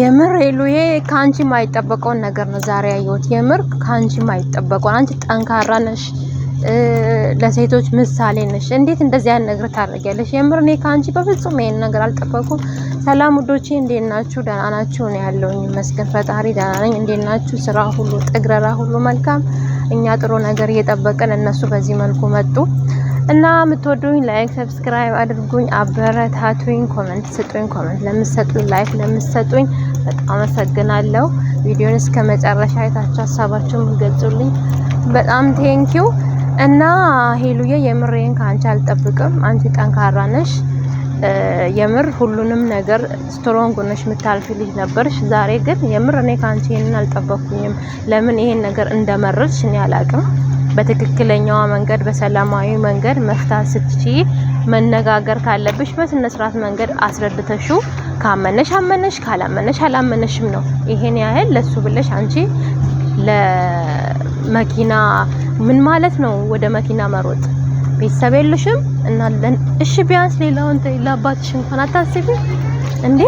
የምር ሄሉዬ ከአንቺ የማይጠበቀውን ነገር ነው ዛሬ ያየሁት። የምር ከአንቺ የማይጠበቀውን አንቺ ጠንካራ ነሽ፣ ለሴቶች ምሳሌ ነሽ። እንዴት እንደዚህ አይነት ነገር ታደርጊያለሽ? የምር እኔ ከአንቺ በፍጹም ይሄን ነገር አልጠበቅኩም። ሰላም ውዶቼ፣ እንዴት ናችሁ? ደህና ናችሁ? እኔ ያለሁኝ ይመስገን ፈጣሪ ደህና ነኝ። እንዴት ናችሁ? ስራ ሁሉ ጥግረራ ሁሉ መልካም። እኛ ጥሩ ነገር እየጠበቅን እነሱ በዚህ መልኩ መጡ። እና የምትወዱኝ ላይክ ሰብስክራይብ አድርጉኝ፣ አበረታቱኝ፣ ኮመንት ስጡኝ። ኮመንት ለምትሰጡኝ ላይክ ለምትሰጡኝ በጣም አመሰግናለሁ። ቪዲዮን እስከ መጨረሻ አይታችሁ ሀሳባችሁን ገልጹልኝ። በጣም ቴንኪው እና ሄሉዬ የምሬን ከአንቺ አልጠብቅም። አንቺ ጠንካራ ነሽ። የምር ሁሉንም ነገር ስትሮንግ ነሽ የምታልፊ ልጅ ነበርሽ። ዛሬ ግን የምር እኔ ከአንቺ አልጠበኩኝም። ለምን ይሄን ነገር እንደመረጥሽ እኔ አላቅም። በትክክለኛዋ መንገድ በሰላማዊ መንገድ መፍታት ስትችይ፣ መነጋገር ካለብሽ በስነ ስርዓት መንገድ አስረድተሽው ካመነሽ አመነሽ፣ ካላመነሽ አላመነሽም ነው። ይሄን ያህል ለሱ ብለሽ አንቺ ለመኪና ምን ማለት ነው? ወደ መኪና መሮጥ ቤተሰብ የለሽም እና እሺ፣ ቢያንስ ሌላውን ለአባትሽ እንኳን አታስቢ እንዴ?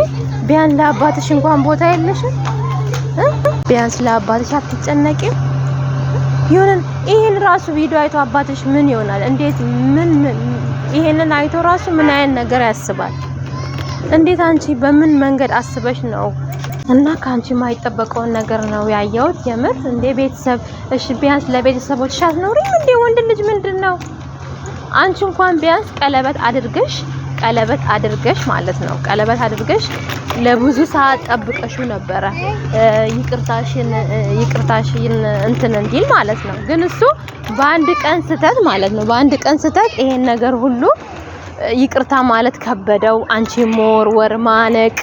ቢያንስ ለአባትሽ እንኳን ቦታ የለሽም? ቢያንስ ለአባትሽ አትጨነቂም? ይሁንን ይሄን ራሱ ቪዲዮ አይቶ አባትሽ ምን ይሆናል? እንዴት ምን ይሄንን አይቶ ራሱ ምን አይነት ነገር ያስባል? እንዴት አንቺ በምን መንገድ አስበሽ ነው? እና ከአንቺ የማይጠበቀውን ነገር ነው ያየሁት። የምር እንዴ ቤተሰብ እሺ፣ ቢያንስ ለቤተሰቦችሽ አትኖሪም እንዴ? ወንድ ልጅ ምንድን ነው? አንቺ እንኳን ቢያንስ ቀለበት አድርገሽ ቀለበት አድርገሽ ማለት ነው። ቀለበት አድርገሽ ለብዙ ሰዓት ጠብቀሹ ነበረ ይቅርታሽን ይቅርታሽን እንትን እንዲል ማለት ነው። ግን እሱ በአንድ ቀን ስተት ማለት ነው። በአንድ ቀን ስተት ይሄን ነገር ሁሉ ይቅርታ ማለት ከበደው። አንቺ ሞር፣ ወር ማነቅ፣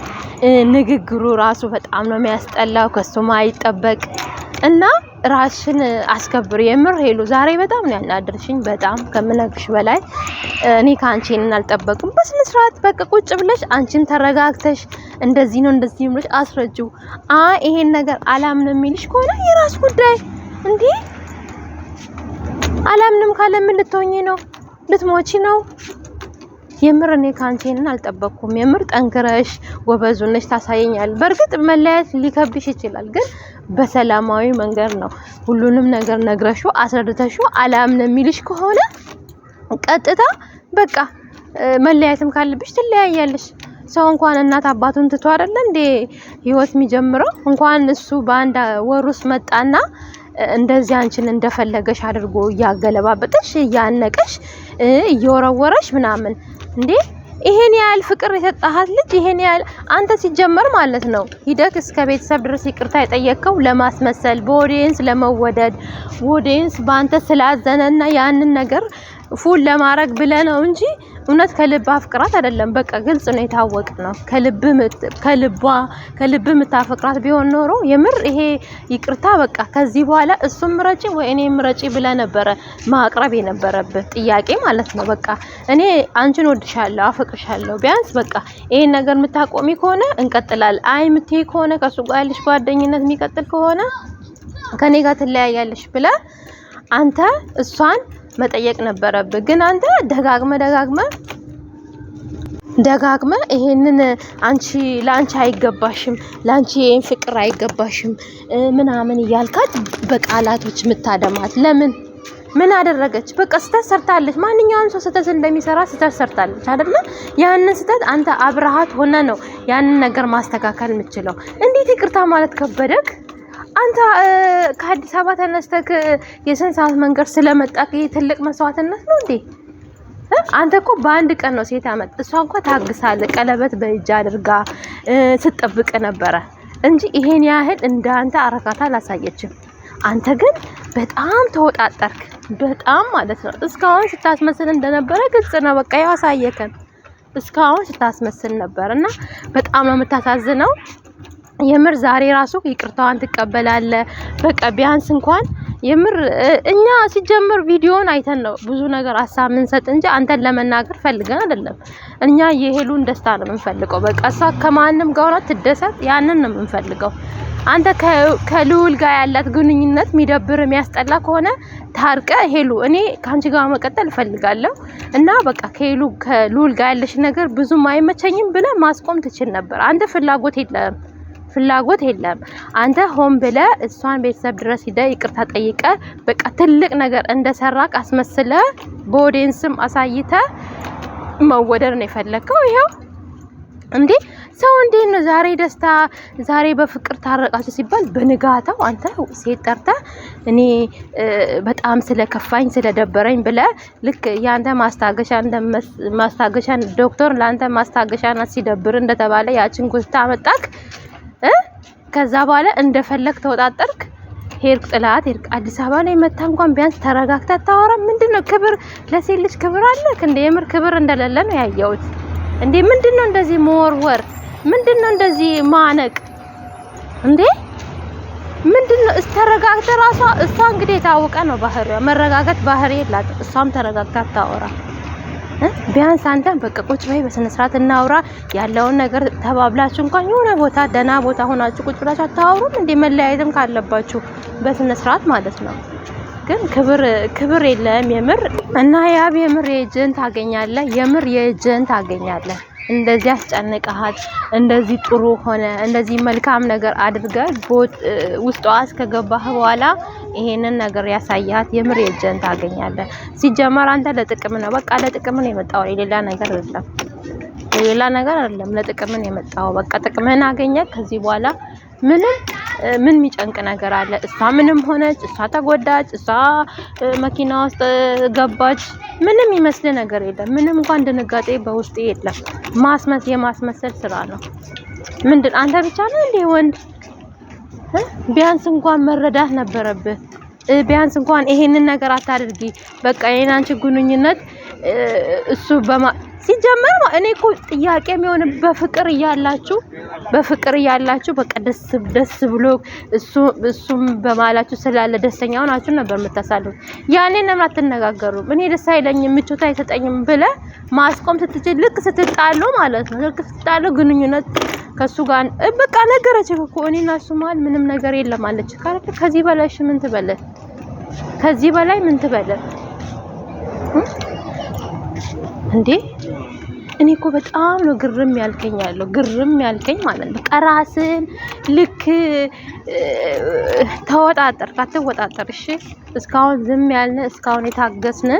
ንግግሩ ራሱ በጣም ነው የሚያስጠላው። ከሱም አይጠበቅ እና ራስሽን አስከብር። የምር ሄሉ ዛሬ በጣም ነው ያናደርሽኝ፣ በጣም ከምነግርሽ በላይ እኔ ከአንቺን አልጠበቅም። በስነ ስርዓት በቃ ቁጭ ብለሽ አንቺን ተረጋግተሽ እንደዚህ ነው እንደዚህ ብለሽ አስረጁ። አ ይሄን ነገር አላምንም የሚልሽ ከሆነ የራስ ጉዳይ እንዴ። አላምንም ካለ ምን ልትሆኚ ነው? ልትሞቺ ነው? የምር እኔ ከአንቺ ይሄንን አልጠበቅኩም። የምር ጠንክረሽ ጎበዝ ታሳየኛል። በእርግጥ መለያየት ሊከብሽ ይችላል ግን በሰላማዊ መንገድ ነው። ሁሉንም ነገር ነግረሹ አስረድተሹ አላምን የሚልሽ ከሆነ ቀጥታ በቃ መለያየትም ካለብሽ ትለያያለሽ። ሰው እንኳን እናት አባቱን ትቶ አይደለ እንዴ ህይወት የሚጀምረው? እንኳን እሱ በአንድ ወር ውስጥ መጣና እንደዚህ አንቺን እንደፈለገሽ አድርጎ እያገለባበጠሽ እያነቀሽ እየወረወረሽ ምናምን እንዴ ይሄን ያህል ፍቅር የሰጣሃት ልጅ ይሄን ያህል አንተ ሲጀመር ማለት ነው ሂደክ እስከ ቤተሰብ ድረስ ይቅርታ የጠየቅከው ለማስመሰል፣ በኦዲየንስ ለመወደድ፣ ኦዲየንስ በአንተ ስላዘነና ያንን ነገር ፉል ለማድረግ ብለህ ነው እንጂ እውነት ከልብ አፍቅራት አይደለም። በቃ ግልጽ ነው፣ የታወቀ ነው። ከልብ ከልቧ ከልብ የምታፈቅራት ቢሆን ኖሮ የምር ይሄ ይቅርታ በቃ ከዚህ በኋላ እሱም ምረጪ ወይ እኔ ምረጪ ብለህ ነበረ ማቅረብ የነበረብህ ጥያቄ ማለት ነው። በቃ እኔ አንቺን ወድሻለሁ፣ አፈቅርሻለሁ ቢያንስ በቃ ይሄን ነገር የምታቆሚ ከሆነ እንቀጥላል። አይ የምትሄድ ከሆነ ከሱ ጋር ያለሽ ጓደኝነት የሚቀጥል ከሆነ ከኔ ጋር ትለያያለሽ ብለህ አንተ እሷን መጠየቅ ነበረብህ። ግን አንተ ደጋግመ ደጋግመ ደጋግመ ይሄንን አንቺ ለአንቺ አይገባሽም፣ ለአንቺ ይሄን ፍቅር አይገባሽም ምናምን እያልካት በቃላቶች የምታደማት ለምን? ምን አደረገች? በቃ ስህተት ሰርታለች። ማንኛውም ሰው ስህተት እንደሚሰራ ስህተት ሰርታለች አይደለ? ያንን ስህተት አንተ አብረሃት ሆነ ነው ያንን ነገር ማስተካከል የምችለው። እንዴት ይቅርታ ማለት ከበደክ? አንተ ከአዲስ አበባ ተነስተ የስንት ሰዓት መንገድ ስለመጣህ ትልቅ መስዋዕትነት ነው እንዴ? አንተ እኮ በአንድ ቀን ነው ሴት ያመጣ። እሷ እንኳ ታግሳለ ቀለበት በእጅ አድርጋ ስትጠብቅ ነበረ እንጂ ይሄን ያህል እንደ አንተ አረካታ አላሳየችም። አንተ ግን በጣም ተወጣጠርክ፣ በጣም ማለት ነው። እስካሁን ስታስመስል እንደነበረ ግልጽ ነው። በቃ ያው አሳየከን። እስካሁን ስታስመስል ነበር እና በጣም ነው የምታሳዝነው። የምር ዛሬ ራሱ ይቅርታዋን ትቀበላለ። በቃ ቢያንስ እንኳን የምር እኛ ሲጀምር ቪዲዮን አይተን ነው ብዙ ነገር ሀሳብ ምንሰጥ እንጂ አንተን ለመናገር ፈልገን አይደለም። እኛ የሄሉን ደስታ ነው የምንፈልገው። በቃ እሷ ከማንም ጋር ሆና ትደሰት፣ ያንን ነው የምንፈልገው። አንተ ከልውል ጋር ያላት ግንኙነት የሚደብር የሚያስጠላ ከሆነ ታርቀ ሄሉ፣ እኔ ከአንቺ ጋር መቀጠል እፈልጋለሁ እና በቃ ከሄሉ ከልውል ጋር ያለሽ ነገር ብዙም አይመቸኝም ብለ ማስቆም ትችል ነበር። አንተ ፍላጎት የለም ፍላጎት የለም። አንተ ሆን ብለ እሷን ቤተሰብ ድረስ ሂደ ይቅርታ ጠይቀ በቃ ትልቅ ነገር እንደሰራ አስመስለ በኦዲየንስም አሳይተ መወደድ ነው የፈለግከው። ይኸው እንዴ ሰው እንዴት ነው ዛሬ ደስታ፣ ዛሬ በፍቅር ታረቃችሁ ሲባል በንጋታው አንተ ሴት ጠርተ እኔ በጣም ስለከፋኝ ስለደበረኝ ብለ ልክ ያንተ ማስታገሻ እንደ ማስታገሻ ዶክተር ለአንተ ማስታገሻ ናት ሲደብር እንደተባለ ያችን ጉስታ አመጣክ። ከዛ በኋላ እንደፈለግ ተወጣጠርክ ሄድክ፣ ጥላት ሄድክ። አዲስ አበባ ላይ መታ እንኳን ቢያንስ ተረጋግታ ታወራ። ምንድነው ክብር ለሴት ልጅ ክብር አለ እንዴ? የምር ክብር እንደሌለ ነው ያየሁት። እንዴ ምንድነው እንደዚህ መወርወር? ምንድነው እንደዚህ ማነቅ? እንዴ ምንድነው ተረጋግተ ራሷ እሷ እንግዲህ የታወቀ ነው ባህሪዋ። መረጋጋት ባህሪ የላትም። እሷም ተረጋግታ ታወራ ቢያንስ አንተ በቃ ቁጭ በይ፣ በስነ ስርዓት እናውራ ያለውን ነገር ተባብላችሁ እንኳን የሆነ ቦታ ደህና ቦታ ሆናችሁ ቁጭ ብላችሁ አታወሩም እንዴ? መለያየትም ካለባችሁ በስነ ስርዓት ማለት ነው። ግን ክብር ክብር የለም የምር እና ያብ የምር የእጅን ታገኛለ የምር የእጅን ታገኛለ እንደዚህ አስጨንቀሃት፣ እንደዚህ ጥሩ ሆነ፣ እንደዚህ መልካም ነገር አድርገህ ውስጧ እስከገባህ በኋላ ይሄንን ነገር ያሳያት የምር የእጅን ታገኛለህ። ሲጀመር አንተ ለጥቅም ነው፣ በቃ ለጥቅም ነው የመጣው፣ የሌላ ነገር አይደለም፣ የሌላ ነገር አይደለም። ለጥቅም ነው የመጣው። በቃ ጥቅምህን አገኘ። ከዚህ በኋላ ምንም ምን የሚጨንቅ ነገር አለ? እሷ ምንም ሆነች፣ እሷ ተጎዳች፣ እሷ መኪና ውስጥ ገባች፣ ምንም ይመስል ነገር የለም። ምንም እንኳን ድንጋጤ በውስጤ የለም። ማስመስ የማስመሰል ስራ ነው። ምንድን አንተ ብቻ ነው እንደ ወንድ ቢያንስ እንኳን መረዳት ነበረብህ። ቢያንስ እንኳን ይሄንን ነገር አታድርጊ፣ በቃ የናንቺ ግንኙነት እሱ በማ ሲጀመር እኔ እኮ ጥያቄ የሚሆን በፍቅር እያላችሁ በፍቅር እያላችሁ በቃ ደስ ደስ ብሎ እሱ እሱም በማላችሁ ስላለ ደስተኛ ሆናችሁ ነበር የምታሳልፉት። ያኔ ለምን አትነጋገሩም? እኔ ደስ አይለኝም፣ ምቾት አይሰጠኝም ብለህ ማስቆም ስትችል ልክ ስትጣሉ ማለት ነው። ልክ ስትጣሉ ግንኙነት ከሱ ጋር በቃ ነገረች እኮ እኔና እሱ መሀል ምንም ነገር የለም አለች። ከዚህ በላይ ምን ትበለ? ከዚህ በላይ ምን ትበለ? እንዴ እኔ እኮ በጣም ነው ግርም ያልከኝ ያለው ግርም ያልከኝ ማለት ነው። በቃ ራስን ልክ ተወጣጠር ካትወጣጠር እሺ፣ እስካሁን ዝም ያልነ እስካሁን የታገስነ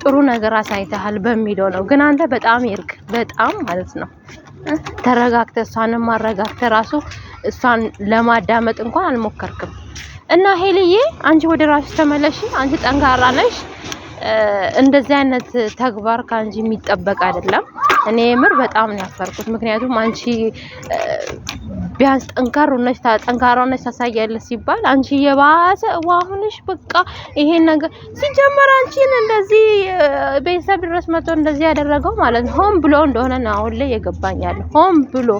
ጥሩ ነገር አሳይተሃል በሚለው ነው። ግን አንተ በጣም ይርክ በጣም ማለት ነው ተረጋግተ እሷንም ማረጋግተ ራሱ እሷን ለማዳመጥ እንኳን አልሞከርክም። እና ሄልዬ አንቺ ወደ ራስሽ ተመለሽ። አንቺ ጠንካራ ነሽ። እንደዚህ አይነት ተግባር ከአንቺ የሚጠበቅ አይደለም። እኔ የምር በጣም ነው ያፈርኩት። ምክንያቱም አንቺ ቢያንስ ጠንካራ ነሽ ጠንካራ ነሽ ታሳያለሽ ሲባል አንቺ የባሰ ዋሁንሽ በቃ ይሄን ነገር ሲጀመር አንቺን እንደዚህ ቤተሰብ ድረስ መጥቶ እንደዚህ ያደረገው ማለት ነው ሆን ብሎ እንደሆነ ነው አሁን ላይ የገባኛል። ሆን ብሎ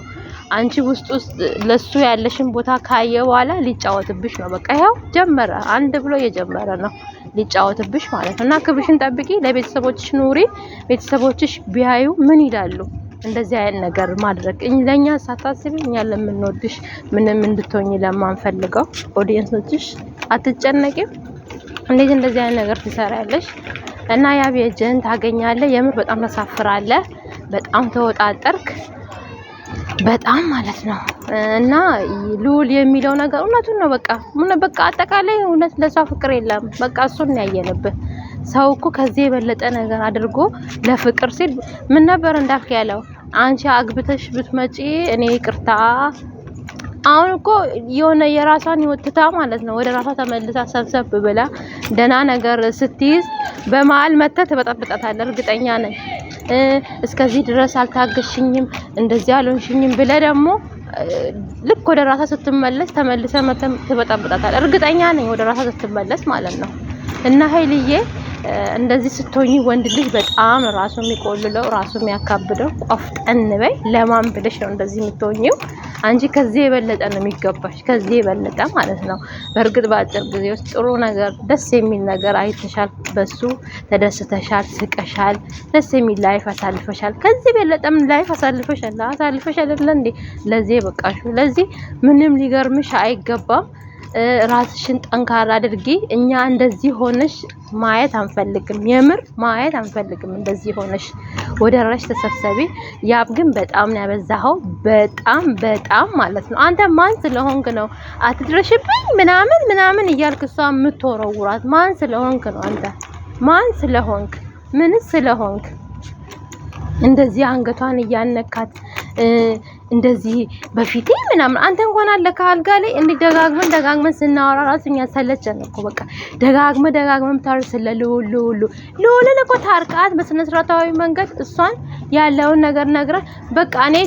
አንቺ ውስጥ ውስጥ ለሱ ያለሽን ቦታ ካየ በኋላ ሊጫወትብሽ ነው። በቃ ይኸው ጀመረ። አንድ ብሎ እየጀመረ ነው። ሊጫወትብሽ ማለት ነው። እና ክብርሽን ጠብቂ፣ ለቤተሰቦችሽ ኑሪ። ቤተሰቦችሽ ቢያዩ ምን ይላሉ? እንደዚህ አይነት ነገር ማድረግ ለእኛ ሳታስቢ እኛ ለምንወድሽ ምንም እንድትሆኝ ለማንፈልገው ኦዲየንሶችሽ አትጨነቂም። እንዴት እንደዚህ አይነት ነገር ትሰሪያለሽ? እና ያ ቤጀን ታገኛለህ። የምር በጣም ተሳፍራለህ። በጣም ተወጣጠርክ። በጣም ማለት ነው። እና ሉል የሚለው ነገር እውነቱን ነው። በቃ ምን በቃ አጠቃላይ እውነት ለሷ ፍቅር የለም። በቃ እሱን ያየንብህ ሰው እኮ ከዚህ የበለጠ ነገር አድርጎ ለፍቅር ሲል ምን ነበር እንዳልክ ያለው አንቺ አግብተሽ ብትመጪ እኔ ይቅርታ አሁን እኮ የሆነ የራሷን ህይወት ትታ ማለት ነው ወደ ራሷ ተመልሳ ሰብሰብ ብላ ደህና ነገር ስትይዝ በመሀል መተህ ትበጠብጣታለህ። እርግጠኛ ነኝ። እስከዚህ ድረስ አልታገሽኝም፣ እንደዚህ አልሆንሽኝም ብለህ ደግሞ ልክ ወደ ራሷ ስትመለስ ተመልሰ መተህ ትበጠብጣታለህ። እርግጠኛ ነኝ፣ ወደ ራሷ ስትመለስ ማለት ነው እና ሀይልዬ እንደዚህ ስትሆኚ ወንድ ልጅ በጣም ራሱ የሚቆልለው ራሱ የሚያካብደው። ቆፍጠን በይ። ለማን ብለሽ ነው እንደዚህ የምትሆኚው? አንቺ ከዚህ የበለጠ ነው የሚገባሽ፣ ከዚህ የበለጠ ማለት ነው። በእርግጥ በአጭር ጊዜ ውስጥ ጥሩ ነገር፣ ደስ የሚል ነገር አይተሻል፣ በሱ ተደስተሻል፣ ስቀሻል፣ ደስ የሚል ላይፍ አሳልፈሻል። ከዚህ የበለጠም ላይፍ አሳልፈሻል አሳልፈሻል አይደለ ለዚህ በቃሽ። ለዚህ ምንም ሊገርምሽ አይገባም። ራስሽን ጠንካራ አድርጊ። እኛ እንደዚህ ሆነሽ ማየት አንፈልግም፣ የምር ማየት አንፈልግም። እንደዚህ ሆነሽ ወደ ራስሽ ተሰብሰቢ። ያብ ግን በጣም ነው ያበዛኸው፣ በጣም በጣም ማለት ነው። አንተ ማን ስለሆንክ ነው አትድረሽብኝ ምናምን ምናምን እያልክ እሷ የምትወረውራት? ማን ስለሆንክ ነው አንተ ማን ስለሆንክ ምን ስለሆንክ እንደዚህ አንገቷን እያነካት እንደዚህ በፊቴ ምናምን አንተ እንኳን አለ ከአልጋ ላይ እንዲህ ደጋግመን ደጋግመን ስናወራ ራሱ እኛ ሰለቸን እኮ በቃ ደጋግመ ደጋግመን ታር ስለ ልውል ልውል ልውልን እኮ ታርቃት በስነ ስርዓታዊ መንገድ እሷን ያለውን ነገር ነግረ በቃ እኔ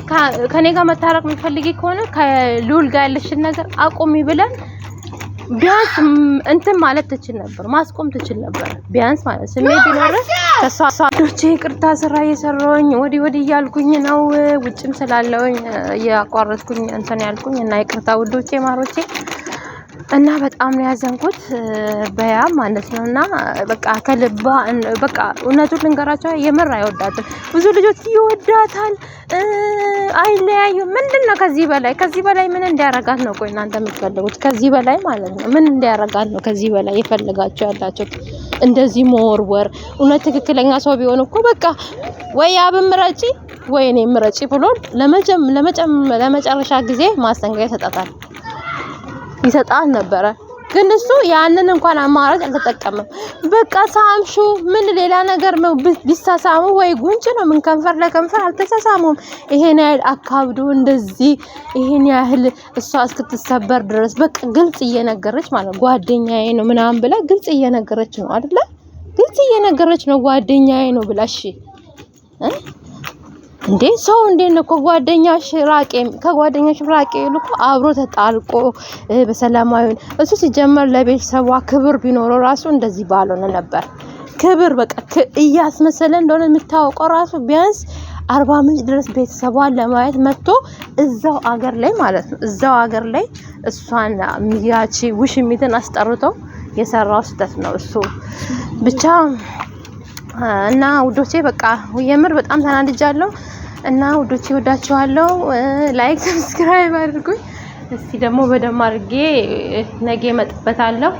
ከኔ ጋር መታረቅ የሚፈልጊ ከሆነ ከልውል ጋር ያለሽን ነገር አቁሚ ብለን ቢያንስ እንትን ማለት ትችል ነበር፣ ማስቆም ትችል ነበር። ቢያንስ ማለት ስሜት ቢኖር ተሳሳቶቼ ቅርታ ስራ እየሰራሁኝ ወዲህ ወዲህ እያልኩኝ ነው፣ ውጭም ስላለውኝ እያቋረጥኩኝ እንትን ያልኩኝ እና ይቅርታ ውዶቼ ማሮቼ እና በጣም ነው ያዘንኩት በያ ማለት ነው። እና በቃ ከልባ በቃ እውነቱን ልንገራቸው የምር አይወዳትም። ብዙ ልጆች ይወዳታል፣ አይለያዩም። ምንድን ነው ከዚህ በላይ ከዚህ በላይ ምን እንዲያረጋት ነው? ቆይ እናንተ የምትፈልጉት ከዚህ በላይ ማለት ነው። ምን እንዲያረጋት ነው? ከዚህ በላይ የፈልጋቸው ያላቸው እንደዚህ መወርወር። እውነት ትክክለኛ ሰው ቢሆን እኮ በቃ ወይ አብ ምረጪ ወይ እኔ ምረጪ ብሎ ለመጨረሻ ጊዜ ማስጠንቀቂያ ይሰጣታል። ይሰጣት ነበረ። ግን እሱ ያንን እንኳን አማራጭ አልተጠቀመም። በቃ ሳምሹ ምን ሌላ ነገር ነው ቢሳሳሙ ወይ ጉንጭ ነው ምን ከንፈር ለከንፈር አልተሳሳሙም። ይሄን ያህል አካብዶ እንደዚህ ይሄን ያህል እሷ እስክትሰበር ድረስ በቃ ግልጽ እየነገረች ማለት ጓደኛዬ ነው ምናምን ብላ ግልጽ እየነገረች ነው አይደለ? ግልጽ እየነገረች ነው ጓደኛዬ ነው ብላ እሺ እንዴ ሰው እንዴ ነው ከጓደኛሽ ራቂ፣ ከጓደኛሽ ራቂ ልኮ አብሮ ተጣልቆ በሰላማዊ እሱ ሲጀመር ለቤተሰቧ ክብር ቢኖረው ራሱ እንደዚህ ባልሆነ ነበር። ክብር በቃ እያስመሰለ እንደሆነ የምታወቀው ራሱ ቢያንስ አርባ ምንጭ ድረስ ቤተሰቧን ለማየት መጥቶ እዛው አገር ላይ ማለት ነው እዛው አገር ላይ እሷን ያቺ ውሽሚትን አስጠርቶ የሰራው ስህተት ነው እሱ ብቻ እና ውዶቼ በቃ የምር በጣም ተናድጃለሁ። እና ውዶቼ ወዳችኋለሁ። ላይክ ሰብስክራይብ አድርጉኝ። እስቲ ደግሞ በደንብ አድርጌ ነገ እመጥበታለሁ።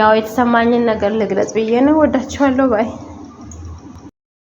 ያው የተሰማኝን ነገር ልግለጽ ብዬ ነው። ወዳችኋለሁ ባይ